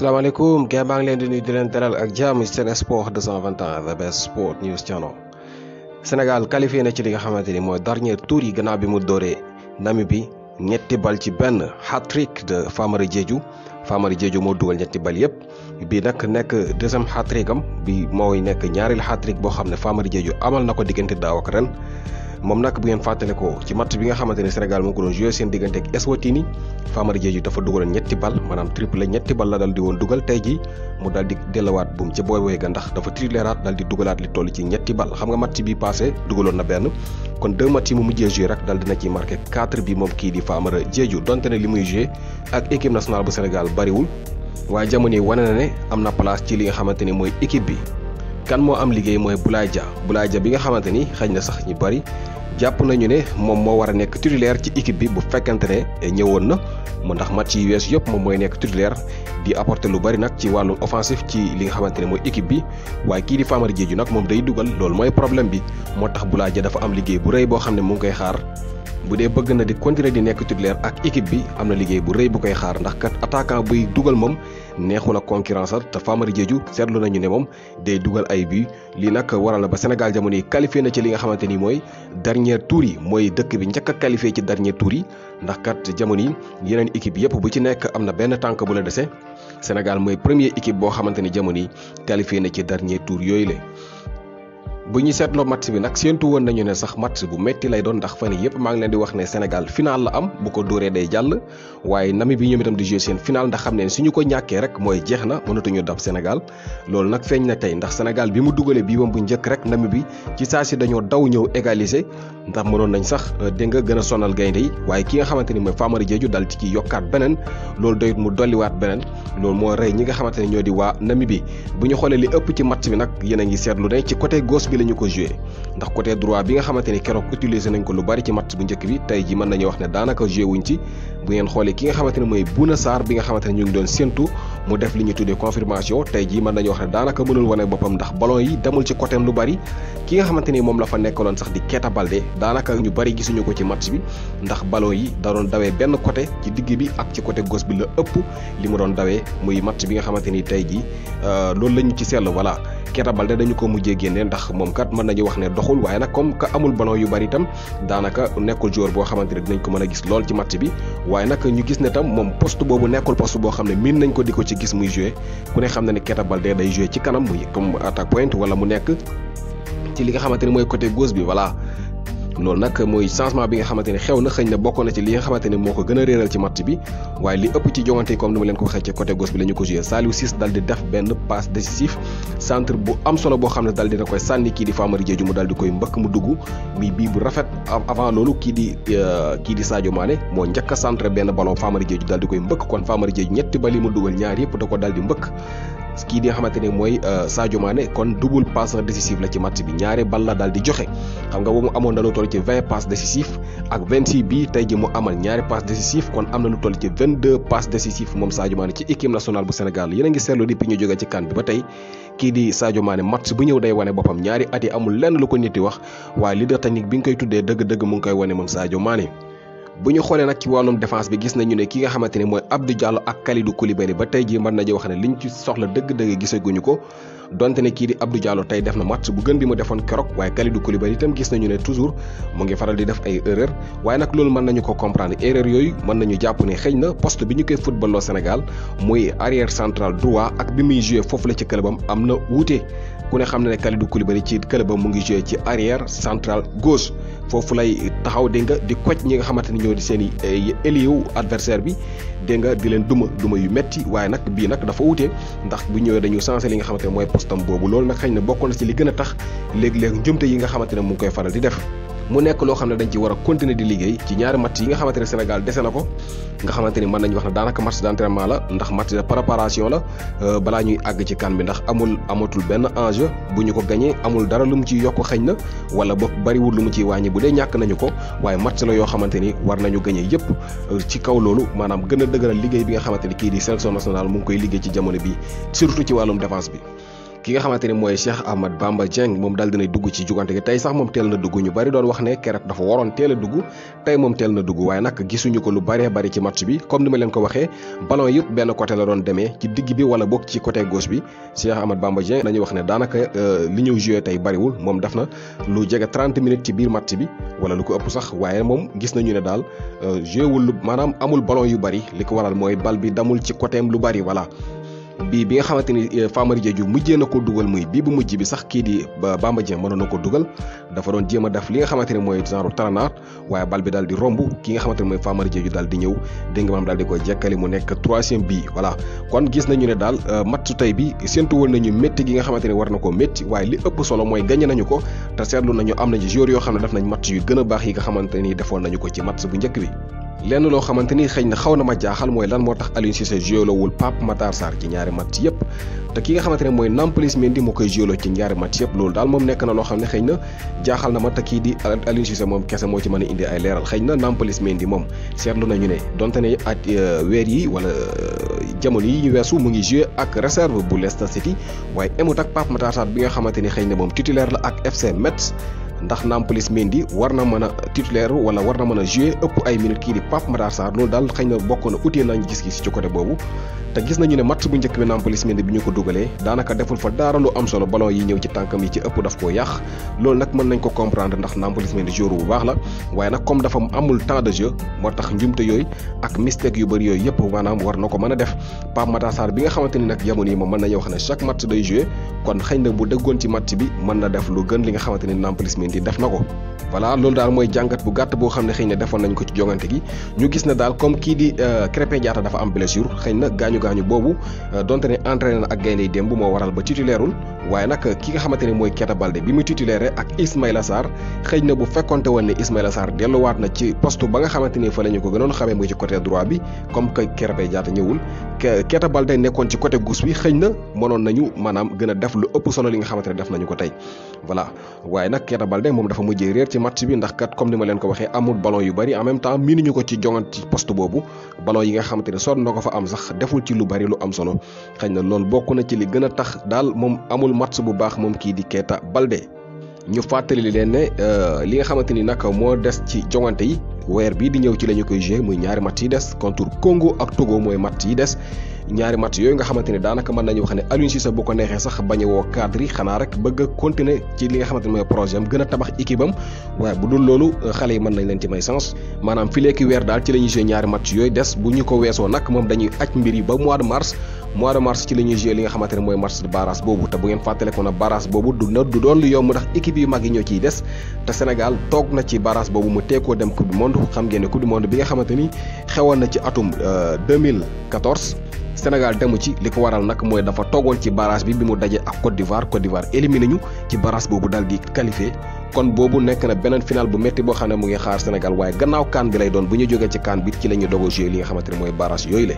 salaamaaleykum gars maa ngi leen di nuyu di leen dalal ak jàmm ci Sen Sport 221 the best sport news channel Sénégal qualifié na ci li nga xamante ni mooy dernier tour yi gannaaw bi mu dooree Namibie ñetti bal ci benn hat-trick de Famara Diédhiou Famara Diédhiou moo dugal ñetti bal yëpp bi nag nekk deuxième hat-trick am bi mooy nekk ñaareel hat boo xam ne Famara jeeju amal na ko diggante daaw ak ren mom nak bu ngeen fatale ko ci match bi nga xamanteni senegal Sénégal moo ko doon joué seen diggante Eswatini famar Diédhiou dafa dugaloon ñetti bal manam triple ñetti bal la dal di won dugal tey ji mu dal di delluwaat buum ci boy boy ga ndax dafa triplerat dal di dugalaat li toll ci ñetti bal xam nga match bi passé dugaloon na benn kon deux match mu mujjé jouer rek dal dina ci marqué 4 bi mom ki di famar Diédhiou donte ne li muy ak équipe nationale bu senegal bari wul jamono yi wane ne amna place ci li nga xamanteni moy équipe bi kan moo am liggéey mooy Boulaye Dia Boulaye Dia bi nga xamante ni xëy na sax ñu bari jàpp nañu ne moom moo war a nekk titulaire ci équipe bi bu fekkante ne ñëwoon na mu ndax mat yi wees yëpp moom mooy nekk titulaire di apporter lu bari nag ci wàllum offensif ci li nga xamante ne mooy équipe bi waaye kii di Famara Diédhiou nag moom day dugal loolu mooy problème bi moo tax Boulaye Dia dafa am liggéey bu rey boo xam ne mu ngi koy xaar. bu dee bëgg na di continuer di nekk titulaire ak équipe bi am na liggéey bu rëy bu koy xaar ndax kat attaquant buy dugal moom neexul ak concurrence te Famara Diédhiou seetlu nañu ne moom day dugal ay but lii nag warala ba senegal jamono yi qualifié na ci li nga xamante ni mooy dernier tour yi mooy dëkk bi njëkk a ci dernier tour yi ndax kat jamono yi yeneen équipe yépp bu ci nekk am na benn tànk bu la dese Sénégal mooy première équipe boo xamante ni jamono yi qualifié na ci dernier tour yooyu la bu ñu seetloo match bi nag séentu woon nañu ne sax match bu metti lay doon ndax fan yëpp maa ngi leen di wax ne Sénégal final la am bu ko dóoree day jàll waaye Namibie ñoom itam di jouer seen final ndax xam ne su ñu ko ñàkkee rek mooy jeex na mënatuñu dab Sénégal loolu nag feeñ na tey ndax Sénégal bi mu dugalee bii moom bu njëkk rek Namibie ci saa si dañoo daw ñëw égaliser ndax mënoon nañ sax euh, dégg nga gën a sonal gaynde yi waaye ki nga xamante ni mooy Famara Diédhiou dal ci kii yokkaat beneen loolu doyut mu dolliwaat beneen loolu moo ñi nga xamante ne ñoo di waa Namibie bu ñu xoolee ëpp ci match bi nag yéen a ngi seetlu ne ci côté gauche bi la ko joué ndax côté droit bi nga xamante ni keroog utilisé nañ ko lu bari ci matt bu njëkk bi tey ji mën nañu wax ne daanaka joué wuñ ci bu ngeen xoolee ki nga xamante ne mooy Bouna Sarr bi nga xamante ne ñu ngi doon séntu mu def li ñu tuddee confirmation tey ji mën nañu wax ne daanaka mënul wane boppam ndax ballon yi demul ci côté lu bari ki nga xamante ni moom la fa nekkaloon sax di Keita Baldé daanaka ñu bari gisuñu ko ci match bi ndax ballon yi da dawee benn côté ci digg bi ak ci côté gauche bi la ëpp li mu doon dawee muy match bi nga xamante ni tey ji euh, loolu lañu ci seetlu voilà Keita Baldé dañu ko mujjee génne ndax moom kat mën nañu wax ne doxul waaye nag comme que amul ballon yu bari itam daanaka nekkul joueur boo xamante ne dinañ ko mën a gis lool ci match bi waaye nag ñu gis ne tam moom post boobu nekkul post boo xam ne miin nañ ko di ko ci gis muy joué ku ne xam na ne Keita Baldé day joué ci kanam muy comme attaque point wala mu nekk ci li nga xamante ne mooy côté gauche bi voilà loolu nag mooy changement bi nga xamante ne xew na xëñ na bokkoon na ci li nga xamante ne moo ko gën a réeral ci match bi waaye li ëpp ci jongante comme ni ma leen ko waxee ci côté gauche bi la ñu ko joué Saliou Ciss dal def benn passe décisif centre bu am solo boo xam ne dal dina koy sànni kii di Famara Diédhiou mu dal di koy mbëkk mu dugg mi bii bu rafet avant loolu kii di euh, kii di Sadio Mané moo njëkk centre benn ballon Famara Diédhiou dal di koy mbëkk kon faamari Diédhiou ñetti bali mu dugal ñaar yëpp da ko dal di mbëkk kii di nga xamante ni mooy euh, Sadio Mané kon double passeur décisif la ci match bi ñaari bal la daal di joxe xam nga ba mu amoon na lu toll ci 20 passes décisif ak 26 bi tey ji décisif kon am na lu toll ci 22 passes décisif moom Sadio ci équipe nationale bu Sénégal yéen a ngi seetlu depuis ñu jógee ci kan bi ba tey kii di Sadio Mané match bu ñëw day wane boppam ñaari at yi amul lenn lu ko nit di wax waaye leader technique bi nga koy tuddee dëgg-dëgg mu ngi koy wane moom Sadio Mané bu ñu xoolee nag ci wàllum défense bi gis nañu ne ki nga xamante ne mooy Abdou Diallo ak Kalidou Koulibaly ba tey jii mën nañu wax ne liñ ci soxla dëgg-dëgg gisaguñu ko donte ne kii di Abdou Diallo tey def na match bu gën bi mu defoon keroog waaye Kalidou Koulibaly itam gis nañu ne toujours mu ngi faral di def ay erreur waaye nag loolu mën nañu ko comprendre erreur yooyu mën nañu jàpp ne xëy na poste bi ñu koy footballoo Sénégal muy arrière central droit ak bi muy joué foofu la ci këlëbam am na wuute ku ne xam ne ne Kalidou Koulibaly ci këlëbam mu ngi joué ci arrière central gauche foofu lay taxaw dégg nga di koj ñi nga xamante ni ñoo di seen i eh, éliwu adversaire bi dégg di leen duma duma yu metti waaye nag bii nag dafa wutee ndax bu ñëwee dañu sensé li nga xamante ne mooy postam boobu loolu nag xëy na bokk na ci li gën a tax léeg-léeg njumte yi nga xamante ne mu ngi koy faral di def mu nekk loo xam ne dañ ci war a continuer di liggéey ci ñaari match yi nga xamante ne Sénégal dese na ko nga xamante ni mën nañu wax ne daanaka match d'entraînement la ndax match préparation la euh, balaa ñuy àgg ci kan bi ndax amul amatul benn enjeu bu ñu ko gañee amul dara lu mu ci yokk xëñ na wala boog bariwul lu mu ciy wàññi bu dee ñàkk nañu ko waaye match la yoo xamante ni war nañu gañee yépp euh, ci kaw loolu maanaam gën a dëgëral liggéey bi nga xamante ni kii di sélection nationale mu ngi koy liggéey ci jamono bi surtout ci wàllum défense bi ki nga xamante ni mooy Cheikh Ahmad Bamba Dieng moom daal dinay dugg ci jugante gi tey sax moom teel na dugg ñu bari doon wax ne Keret dafa waroon teel a dugg tey moom teel na dugg waaye nag gisuñu ko lu baree bari ci match bi comme ni ma leen ko waxee ballon yëpp benn côté la doon demee ci digg bi wala boog ci côté gos bi Cheikh Ahmad Bamba Dieng dañuy wax ne daanaka euh, li ñëw joué tey bariwul moom def na lu jege trente minutes ci biir matt bi wala lu ko ëpp sax waaye moom gis nañu ne daal euh, joué wul maanaam amul ballon yu bari li ko waral mooy bal bi damul ci côté am lu bari voilà bii bi nga xamante ni euh, Famara Diédhiou mujjee na ko dugal muy bii bu mujj bi sax kii di Bamba Dieng mënoon na ko dugal dafa doon jéem a def li nga xamante ne mooy genre taranaar waaye bal bi daal di romb ki nga xamante mooy Famara Diédhiou daal di ñëw dégg nga maam daal di koy jekkali mu nekk troisième bii voilà kon gis nañu ne daal euh, match su tey bi séntu woon nañu métti gi nga xamante ne war na koo métti waaye li ëpp solo mooy gagné nañu ko te seetlu nañu am nañu joueurs yoo xam ne def nañ match yu gën baax yi nga xamante ni defoon nañu ko ci match bu njëkk bi lenn loo xamante ni xëy na xaw na ma jaaxal mooy lan moo tax Aliou Cissé jiyaloowul Pape Matar Sarr ci ñaari match yëpp te ki nga xamante ne mooy Nampalys Mendy moo koy jiyaloo ci ñaari match yëpp loolu daal moom nekk na loo xam ne xëy na jaaxal na ma te kii di Aliou Cissé moom kese moo ci mën indi ay leeral xëy na Nampalys Mendy moom seetlu nañu ne donte ne at euh, weer yi wala euh, jamono yi ñu weesu mu ngi joué ak reserve bu Leicester City waaye emut ak Pape Matar bi nga xamante ni xëy na moom titulaire la ak FC Metz ndax Nampalys Mendy war na mën a titulaire wala war na mën a jouer ëpp ay minutes kii di Pape Matar Sarr loolu daal xëy na bokk na utee nañu gis-gis ci côté boobu te gis nañu ne match bu njëkk bi Nampalys Mendy bi ñu ko dugalee daanaka deful fa dara am solo ballon yi ñëw ci tànkam yi ci ëpp daf koo yàq loolu nag mën nañ ko comprendre ndax Nampalys Mendy joueur bu baax la waaye nag comme dafa amul temps de jeu moo tax njumte yooyu ak mistake yu bëri yooyu yëpp maanaam war a def wax ne chaque match day jouer kon xëy na na def lu gën li nga xamante ni Nampalys Mendy ni def na ko voilà loolu daal mooy jàngat bu gàtt boo xam ne xëy na defoon nañ ko ci jongante gi ñu gis ne daal comme kii di euh, Krépin Diatta dafa am blessure xëy na gaañu gaañu boobu euh, donte ne entraîné na ak gaynde yi démb moo waral ba titulairul waaye nag euh, ki nga xamante ne mooy Keita Baldé bi mu titulaire ak Ismaïla Sarr xëy na bu fekkonte woon ne Ismaïla Sarr delluwaat na ci poste ba nga xamante ni fa la ñu ko gënoon xamee muy ci côté droit bi comme que Krépin Diatta ñëwul Keita Baldé nekkoon ci côté gauche bi xëy na mënoon nañu maanaam gën def lu ëpp solo li nga xamante ne def nañu ko tey voilà waaye Baldé moom dafa mujjee réer ci match bi ndax kat comme ni ma leen ko waxee amul ballon yu bari en même temps miinuñu ko ci jongant ci poste boobu ballon yi nga xamante ne soot na ko fa am sax deful ci lu bari lu am solo xëy na loolu bokk na ci li gën a tax daal moom amul match bu baax moom kii di Keita Baldé ñu fàttali leen ne euh, li nga xamante ni nag moo des ci jongante yi weer bii di ñëw ci lañu koy joué muy ñaari match yi des contre Congo ak Togo mooy match yi des ñaari match yooyu nga xamante ne daanaka mën nañu wax ne Aliou Cissé bu ko neexee sax bañ a woo cadre yi xanaa rek bëgg a ci li nga xamante mooy projet am gën a tabax équipe am waaye bu dul loolu xale yi mën nañ leen ci may sens maanaam fileeki weer daal ci la ñuy jouer ñaari match yooyu des bu ñu ko weesoo nag moom dañuy aj mbir yi ba mois de mars mois de mars ci la ñuy jouer li nga xamante ne mooy match de barrage boobu te bu ngeen fàttale ko na barrage boobu du na du doon lu yomb ndax équipe yu toog na ci barrage boobu mu teekoo dem coupe du xam ne coupe du monde bi nga xamante ni xewoon na ci euh, Sénégal demu ci li ko waral nag mooy dafa toogoon ci barrage bi bi mu daje ak Côte d'Ivoire Côte d'Ivoire éliminé ñu ci barrage boobu daal di qualifié kon boobu nekk na beneen final bu métti boo xam ne mu ngi xaar Sénégal waaye gannaaw kaan bi lay doon bu ñu jógee ci kaan bi ci la ñuy doog a joué li nga xamante ne mooy barrage yooyu la